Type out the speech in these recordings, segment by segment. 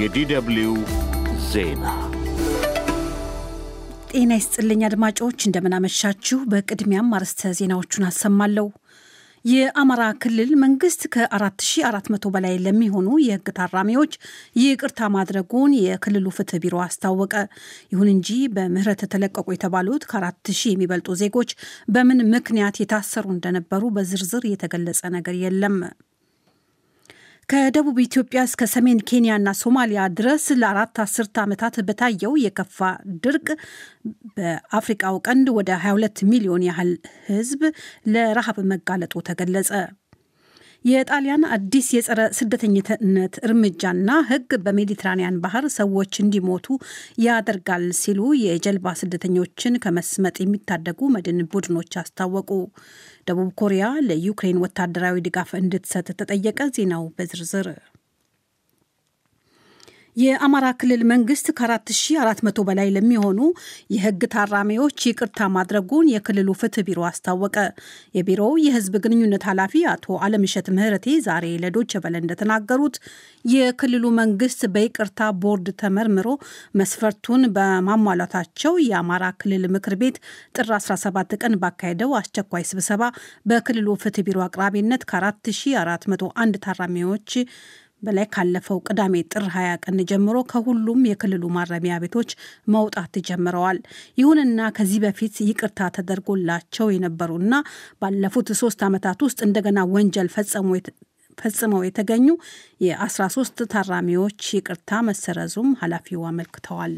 የዲደብሊው ዜና ጤና ይስጥልኝ አድማጮች፣ እንደምናመሻችሁ። በቅድሚያም አርዕስተ ዜናዎቹን አሰማለሁ። የአማራ ክልል መንግስት ከ4400 በላይ ለሚሆኑ የህግ ታራሚዎች ይቅርታ ማድረጉን የክልሉ ፍትህ ቢሮ አስታወቀ። ይሁን እንጂ በምህረት ተለቀቁ የተባሉት ከ4000 የሚበልጡ ዜጎች በምን ምክንያት የታሰሩ እንደነበሩ በዝርዝር የተገለጸ ነገር የለም። ከደቡብ ኢትዮጵያ እስከ ሰሜን ኬንያና ሶማሊያ ድረስ ለአራት አስርት ዓመታት በታየው የከፋ ድርቅ በአፍሪቃው ቀንድ ወደ 22 ሚሊዮን ያህል ህዝብ ለረሃብ መጋለጡ ተገለጸ። የጣሊያን አዲስ የጸረ ስደተኝነት እርምጃና ሕግ በሜዲትራኒያን ባህር ሰዎች እንዲሞቱ ያደርጋል ሲሉ የጀልባ ስደተኞችን ከመስመጥ የሚታደጉ መድን ቡድኖች አስታወቁ። ደቡብ ኮሪያ ለዩክሬን ወታደራዊ ድጋፍ እንድትሰጥ ተጠየቀ። ዜናው በዝርዝር የአማራ ክልል መንግስት ከ4400 በላይ ለሚሆኑ የህግ ታራሚዎች ይቅርታ ማድረጉን የክልሉ ፍትህ ቢሮ አስታወቀ። የቢሮው የህዝብ ግንኙነት ኃላፊ አቶ አለምሸት ምህረቴ ዛሬ ለዶች በለ እንደተናገሩት የክልሉ መንግስት በይቅርታ ቦርድ ተመርምሮ መስፈርቱን በማሟላታቸው የአማራ ክልል ምክር ቤት ጥር 17 ቀን ባካሄደው አስቸኳይ ስብሰባ በክልሉ ፍትህ ቢሮ አቅራቢነት ከ4401 ታራሚዎች በላይ ካለፈው ቅዳሜ ጥር 20 ቀን ጀምሮ ከሁሉም የክልሉ ማረሚያ ቤቶች መውጣት ጀምረዋል። ይሁንና ከዚህ በፊት ይቅርታ ተደርጎላቸው የነበሩና ባለፉት ሶስት ዓመታት ውስጥ እንደገና ወንጀል ፈጸሙ ፈጽመው የተገኙ የ13 ታራሚዎች ይቅርታ መሰረዙም ኃላፊው አመልክተዋል።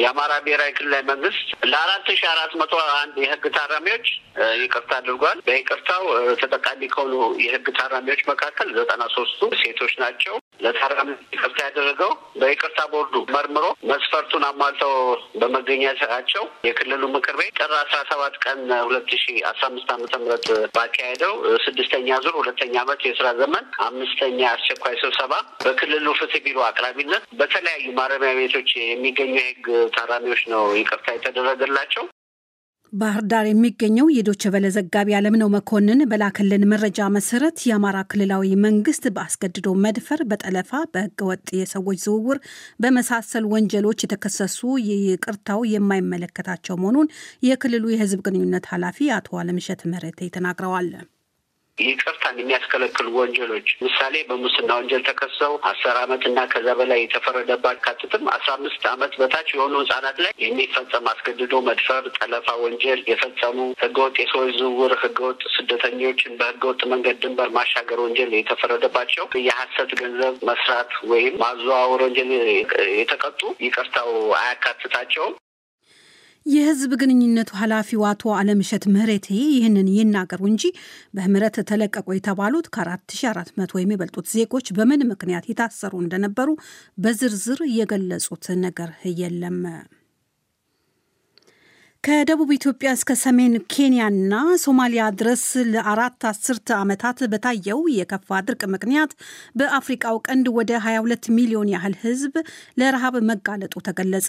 የአማራ ብሔራዊ ክልላዊ መንግስት ለአራት ሺ አራት መቶ አንድ የህግ ታራሚዎች ይቅርታ አድርጓል። በይቅርታው ተጠቃሚ ከሆኑ የህግ ታራሚዎች መካከል ዘጠና ሶስቱ ሴቶች ናቸው። ለታራሚ ይቅርታ ያደረገው በይቅርታ ቦርዱ መርምሮ መስፈርቱን አሟልተው በመገኘታቸው የክልሉ ምክር ቤት ጥር አስራ ሰባት ቀን ሁለት ሺ አስራ አምስት አመተ ምህረት ባካሄደው ስድስተኛ ዙር ሁለተኛ አመት የስራ ዘመን አምስተኛ አስቸኳይ ስብሰባ በክልሉ ፍትህ ቢሮ አቅራቢነት በተለያዩ ማረሚያ ቤቶች የሚገኙ የህግ ታራሚዎች ነው ይቅርታ የተደረገላቸው። ባህር ዳር የሚገኘው የዶች በለ ዘጋቢ አለምነው መኮንን በላከልን መረጃ መሰረት የአማራ ክልላዊ መንግስት በአስገድዶ መድፈር፣ በጠለፋ፣ በህገወጥ የሰዎች ዝውውር በመሳሰል ወንጀሎች የተከሰሱ ይቅርታው የማይመለከታቸው መሆኑን የክልሉ የህዝብ ግንኙነት ኃላፊ አቶ አለምሸት መረቴ ተናግረዋል። ይቅርታን የሚያስከለክሉ ወንጀሎች ምሳሌ በሙስና ወንጀል ተከሰው አስር አመት እና ከዛ በላይ የተፈረደባት ካትትም አስራ አምስት አመት በታች የሆኑ ህጻናት ላይ የሚፈጸም አስገድዶ መድፈር፣ ጠለፋ ወንጀል የፈጸሙ ህገወጥ የሰዎች ዝውውር፣ ህገወጥ ስደተኞችን በህገወጥ መንገድ ድንበር ማሻገር ወንጀል የተፈረደባቸው የሀሰት ገንዘብ መስራት ወይም ማዘዋወር ወንጀል የተቀጡ ይቅርታው አያካትታቸውም። የህዝብ ግንኙነቱ ኃላፊው አቶ አለምሸት ምህረቴ ይህንን ይናገሩ እንጂ በምህረት ተለቀቁ የተባሉት ከ4400 የሚበልጡት ዜጎች በምን ምክንያት የታሰሩ እንደነበሩ በዝርዝር የገለጹት ነገር የለም። ከደቡብ ኢትዮጵያ እስከ ሰሜን ኬንያና ሶማሊያ ድረስ ለአራት አስርተ ዓመታት በታየው የከፋ ድርቅ ምክንያት በአፍሪቃው ቀንድ ወደ 22 ሚሊዮን ያህል ሕዝብ ለረሃብ መጋለጡ ተገለጸ።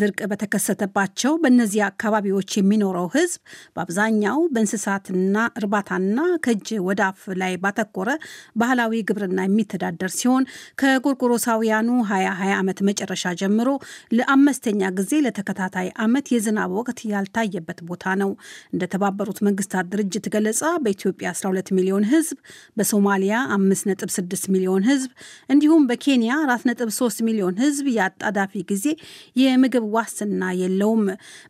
ድርቅ በተከሰተባቸው በእነዚህ አካባቢዎች የሚኖረው ሕዝብ በአብዛኛው በእንስሳትና እርባታና ከእጅ ወደ አፍ ላይ ባተኮረ ባህላዊ ግብርና የሚተዳደር ሲሆን ከጎርጎሮሳውያኑ 2020 ዓመት መጨረሻ ጀምሮ ለአምስተኛ ጊዜ ለተከታታይ ዓመት የዝናብ ወቅት ጥቃት ያልታየበት ቦታ ነው። እንደተባበሩት መንግስታት ድርጅት ገለጻ በኢትዮጵያ 12 ሚሊዮን ህዝብ፣ በሶማሊያ 5.6 ሚሊዮን ህዝብ እንዲሁም በኬንያ 4.3 ሚሊዮን ህዝብ የአጣዳፊ ጊዜ የምግብ ዋስትና የለውም።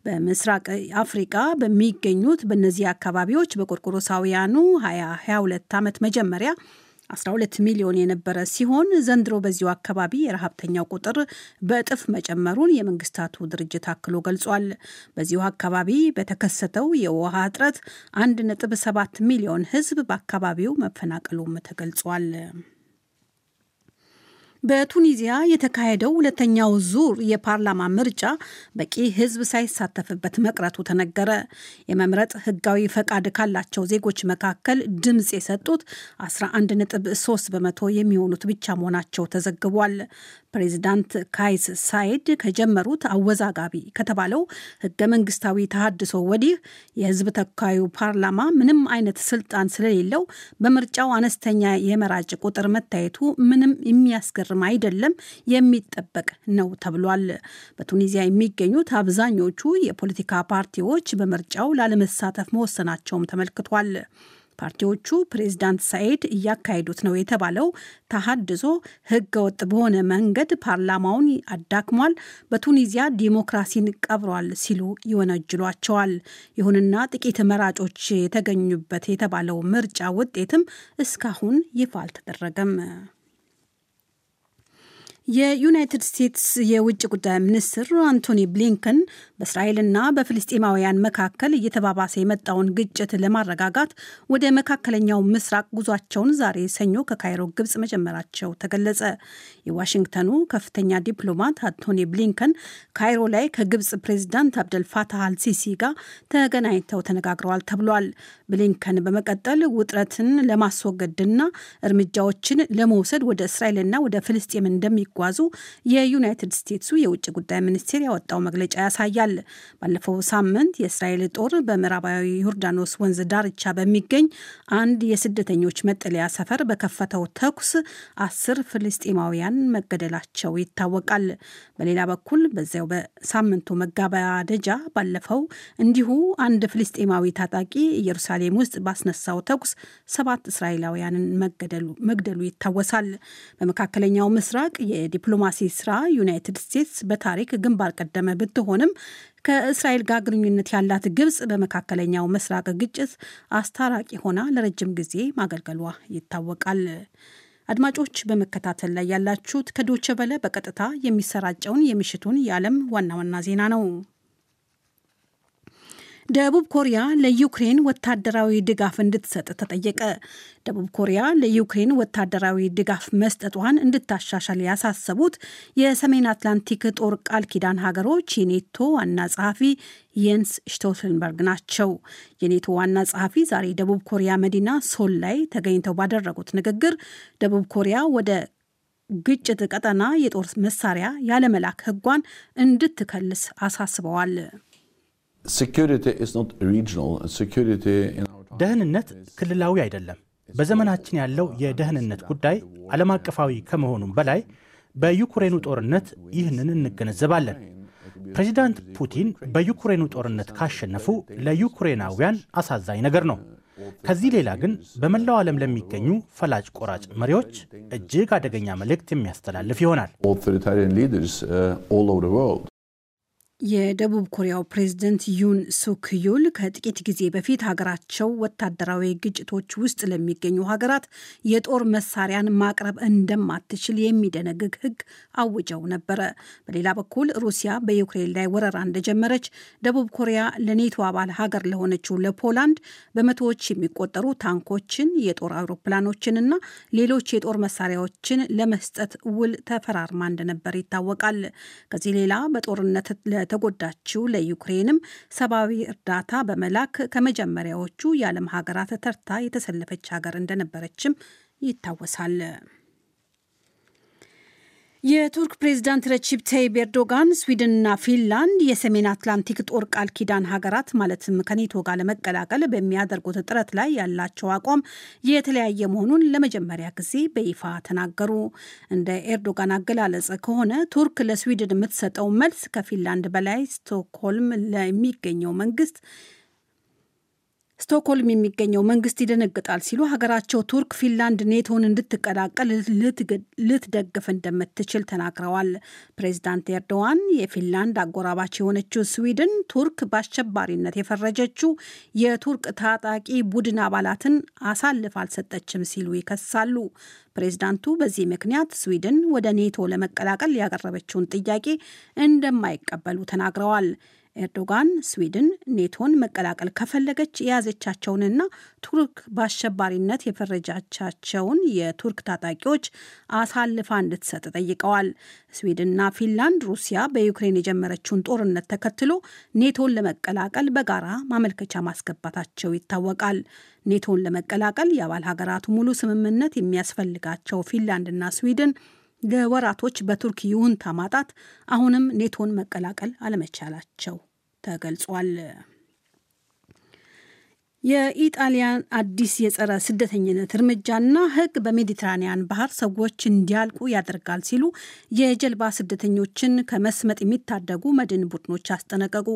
በምስራቅ አፍሪቃ በሚገኙት በእነዚህ አካባቢዎች በቆርቆሮሳውያኑ 2022 ዓመት መጀመሪያ 12 ሚሊዮን የነበረ ሲሆን ዘንድሮ በዚሁ አካባቢ የረሃብተኛው ቁጥር በእጥፍ መጨመሩን የመንግስታቱ ድርጅት አክሎ ገልጿል። በዚሁ አካባቢ በተከሰተው የውሃ እጥረት 1.7 ሚሊዮን ህዝብ በአካባቢው መፈናቀሉም ተገልጿል። በቱኒዚያ የተካሄደው ሁለተኛው ዙር የፓርላማ ምርጫ በቂ ሕዝብ ሳይሳተፍበት መቅረቱ ተነገረ። የመምረጥ ሕጋዊ ፈቃድ ካላቸው ዜጎች መካከል ድምፅ የሰጡት 11.3 በመቶ የሚሆኑት ብቻ መሆናቸው ተዘግቧል። ፕሬዚዳንት ካይስ ሳይድ ከጀመሩት አወዛጋቢ ከተባለው ሕገ መንግስታዊ ተሃድሶ ወዲህ የሕዝብ ተወካዩ ፓርላማ ምንም አይነት ስልጣን ስለሌለው በምርጫው አነስተኛ የመራጭ ቁጥር መታየቱ ምንም የሚያስገርም የሚፈጽም አይደለም የሚጠበቅ ነው ተብሏል። በቱኒዚያ የሚገኙት አብዛኞቹ የፖለቲካ ፓርቲዎች በምርጫው ላለመሳተፍ መወሰናቸውም ተመልክቷል። ፓርቲዎቹ ፕሬዚዳንት ሳኤድ እያካሄዱት ነው የተባለው ተሃድሶ ህገ ወጥ በሆነ መንገድ ፓርላማውን አዳክሟል፣ በቱኒዚያ ዲሞክራሲን ቀብሯል ሲሉ ይወነጅሏቸዋል። ይሁንና ጥቂት መራጮች የተገኙበት የተባለው ምርጫ ውጤትም እስካሁን ይፋ አልተደረገም። የዩናይትድ ስቴትስ የውጭ ጉዳይ ሚኒስትር አንቶኒ ብሊንከን በእስራኤልና በፍልስጤማውያን መካከል እየተባባሰ የመጣውን ግጭት ለማረጋጋት ወደ መካከለኛው ምስራቅ ጉዟቸውን ዛሬ ሰኞ ከካይሮ ግብጽ መጀመራቸው ተገለጸ። የዋሽንግተኑ ከፍተኛ ዲፕሎማት አንቶኒ ብሊንከን ካይሮ ላይ ከግብጽ ፕሬዚዳንት አብደል ፋታህ አልሲሲ ጋር ተገናኝተው ተነጋግረዋል ተብሏል። ብሊንከን በመቀጠል ውጥረትን ለማስወገድና እርምጃዎችን ለመውሰድ ወደ እስራኤልና ወደ ፍልስጤም እንደሚ እንደሚጓዙ የዩናይትድ ስቴትሱ የውጭ ጉዳይ ሚኒስቴር ያወጣው መግለጫ ያሳያል። ባለፈው ሳምንት የእስራኤል ጦር በምዕራባዊ ዮርዳኖስ ወንዝ ዳርቻ በሚገኝ አንድ የስደተኞች መጠለያ ሰፈር በከፈተው ተኩስ አስር ፍልስጤማውያን መገደላቸው ይታወቃል። በሌላ በኩል በዚያው በሳምንቱ መጋባደጃ ባለፈው እንዲሁ አንድ ፍልስጤማዊ ታጣቂ ኢየሩሳሌም ውስጥ ባስነሳው ተኩስ ሰባት እስራኤላውያንን መግደሉ ይታወሳል። በመካከለኛው ምስራቅ የ የዲፕሎማሲ ስራ ዩናይትድ ስቴትስ በታሪክ ግንባር ቀደመ ብትሆንም ከእስራኤል ጋር ግንኙነት ያላት ግብጽ በመካከለኛው ምስራቅ ግጭት አስታራቂ ሆና ለረጅም ጊዜ ማገልገሏ ይታወቃል። አድማጮች በመከታተል ላይ ያላችሁት ከዶቸ በለ በቀጥታ የሚሰራጨውን የምሽቱን የዓለም ዋና ዋና ዜና ነው። ደቡብ ኮሪያ ለዩክሬን ወታደራዊ ድጋፍ እንድትሰጥ ተጠየቀ። ደቡብ ኮሪያ ለዩክሬን ወታደራዊ ድጋፍ መስጠቷን እንድታሻሻል ያሳሰቡት የሰሜን አትላንቲክ ጦር ቃል ኪዳን ሀገሮች የኔቶ ዋና ጸሐፊ የንስ ሽቶልተንበርግ ናቸው። የኔቶ ዋና ጸሐፊ ዛሬ ደቡብ ኮሪያ መዲና ሶል ላይ ተገኝተው ባደረጉት ንግግር ደቡብ ኮሪያ ወደ ግጭት ቀጠና የጦር መሳሪያ ያለመላክ ሕጓን እንድትከልስ አሳስበዋል። ደህንነት ክልላዊ አይደለም። በዘመናችን ያለው uh, የደህንነት ጉዳይ ዓለም አቀፋዊ ከመሆኑም በላይ uh, በዩክሬኑ ጦርነት ይህንን እንገነዘባለን። ፕሬዚዳንት ፑቲን በዩክሬኑ ጦርነት ካሸነፉ ለዩክሬናውያን አሳዛኝ ነገር ነው። ከዚህ ሌላ ግን በመላው ዓለም ለሚገኙ ፈላጭ ቆራጭ መሪዎች እጅግ አደገኛ መልእክት የሚያስተላልፍ ይሆናል። የደቡብ ኮሪያው ፕሬዝደንት ዩን ሱክ ከጥቂት ጊዜ በፊት ሀገራቸው ወታደራዊ ግጭቶች ውስጥ ለሚገኙ ሀገራት የጦር መሳሪያን ማቅረብ እንደማትችል የሚደነግግ ሕግ አውጀው ነበረ። በሌላ በኩል ሩሲያ በዩክሬን ላይ ወረራ እንደጀመረች ደቡብ ኮሪያ ለኔቶ አባል ሀገር ለሆነችው ለፖላንድ በመቶዎች የሚቆጠሩ ታንኮችን፣ የጦር አውሮፕላኖችንና ሌሎች የጦር መሳሪያዎችን ለመስጠት ውል ተፈራርማ እንደነበር ይታወቃል። ከዚህ ሌላ በጦርነት ለተጎዳችው ለዩክሬንም ሰብአዊ እርዳታ በመላክ ከመጀመሪያዎቹ የዓለም ሀገራት ተርታ የተሰለፈች ሀገር እንደነበረችም ይታወሳል። የቱርክ ፕሬዝዳንት ረቺፕ ታይብ ኤርዶጋን ስዊድንና ፊንላንድ የሰሜን አትላንቲክ ጦር ቃል ኪዳን ሀገራት ማለትም ከኔቶ ጋር ለመቀላቀል በሚያደርጉት ጥረት ላይ ያላቸው አቋም የተለያየ መሆኑን ለመጀመሪያ ጊዜ በይፋ ተናገሩ። እንደ ኤርዶጋን አገላለጽ ከሆነ ቱርክ ለስዊድን የምትሰጠው መልስ ከፊንላንድ በላይ ስቶክሆልም ለሚገኘው መንግስት ስቶክሆልም የሚገኘው መንግስት ይደነግጣል ሲሉ ሀገራቸው ቱርክ ፊንላንድ ኔቶን እንድትቀላቀል ልትደግፍ እንደምትችል ተናግረዋል። ፕሬዚዳንት ኤርዶዋን የፊንላንድ አጎራባች የሆነችው ስዊድን ቱርክ በአሸባሪነት የፈረጀችው የቱርክ ታጣቂ ቡድን አባላትን አሳልፍ አልሰጠችም ሲሉ ይከሳሉ። ፕሬዚዳንቱ በዚህ ምክንያት ስዊድን ወደ ኔቶ ለመቀላቀል ያቀረበችውን ጥያቄ እንደማይቀበሉ ተናግረዋል። ኤርዶጋን ስዊድን ኔቶን መቀላቀል ከፈለገች የያዘቻቸውንና ቱርክ በአሸባሪነት የፈረጃቻቸውን የቱርክ ታጣቂዎች አሳልፋ እንድትሰጥ ጠይቀዋል። ስዊድንና ፊንላንድ ሩሲያ በዩክሬን የጀመረችውን ጦርነት ተከትሎ ኔቶን ለመቀላቀል በጋራ ማመልከቻ ማስገባታቸው ይታወቃል። ኔቶን ለመቀላቀል የአባል ሀገራቱ ሙሉ ስምምነት የሚያስፈልጋቸው ፊንላንድና ስዊድን ለወራቶች በቱርክ ይሁንታ ማጣት አሁንም ኔቶን መቀላቀል አለመቻላቸው ተገልጿል። የኢጣሊያን አዲስ የጸረ ስደተኝነት እርምጃና ሕግ በሜዲትራኒያን ባህር ሰዎች እንዲያልቁ ያደርጋል ሲሉ የጀልባ ስደተኞችን ከመስመጥ የሚታደጉ መድን ቡድኖች አስጠነቀቁ።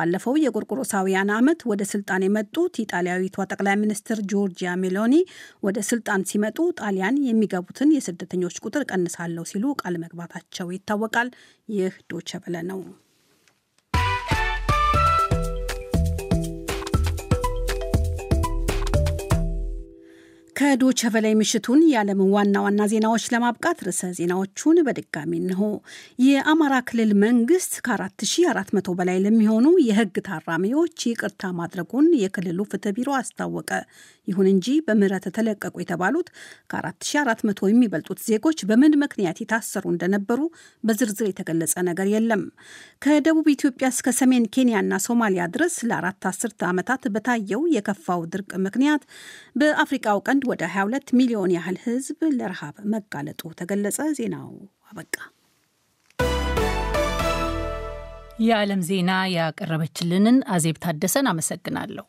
ባለፈው የጎርጎሮሳውያን ዓመት ወደ ስልጣን የመጡት ኢጣሊያዊቷ ጠቅላይ ሚኒስትር ጆርጂያ ሜሎኒ ወደ ስልጣን ሲመጡ ጣሊያን የሚገቡትን የስደተኞች ቁጥር ቀንሳለሁ ሲሉ ቃል መግባታቸው ይታወቃል። ይህ ዶቸበለ ነው። ከዶቸ በላይ ምሽቱን የዓለም ዋና ዋና ዜናዎች ለማብቃት ርዕሰ ዜናዎቹን በድጋሚ እንሆ። የአማራ ክልል መንግስት ከ4400 በላይ ለሚሆኑ የህግ ታራሚዎች ይቅርታ ማድረጉን የክልሉ ፍትህ ቢሮ አስታወቀ። ይሁን እንጂ በምህረት ተለቀቁ የተባሉት ከ4400 የሚበልጡት ዜጎች በምን ምክንያት የታሰሩ እንደነበሩ በዝርዝር የተገለጸ ነገር የለም። ከደቡብ ኢትዮጵያ እስከ ሰሜን ኬንያና ሶማሊያ ድረስ ለአራት አስርተ ዓመታት በታየው የከፋው ድርቅ ምክንያት በአፍሪቃው ቀንድ ወደ 22 ሚሊዮን ያህል ሕዝብ ለረሃብ መጋለጡ ተገለጸ። ዜናው አበቃ። የዓለም ዜና ያቀረበችልንን አዜብ ታደሰን አመሰግናለሁ።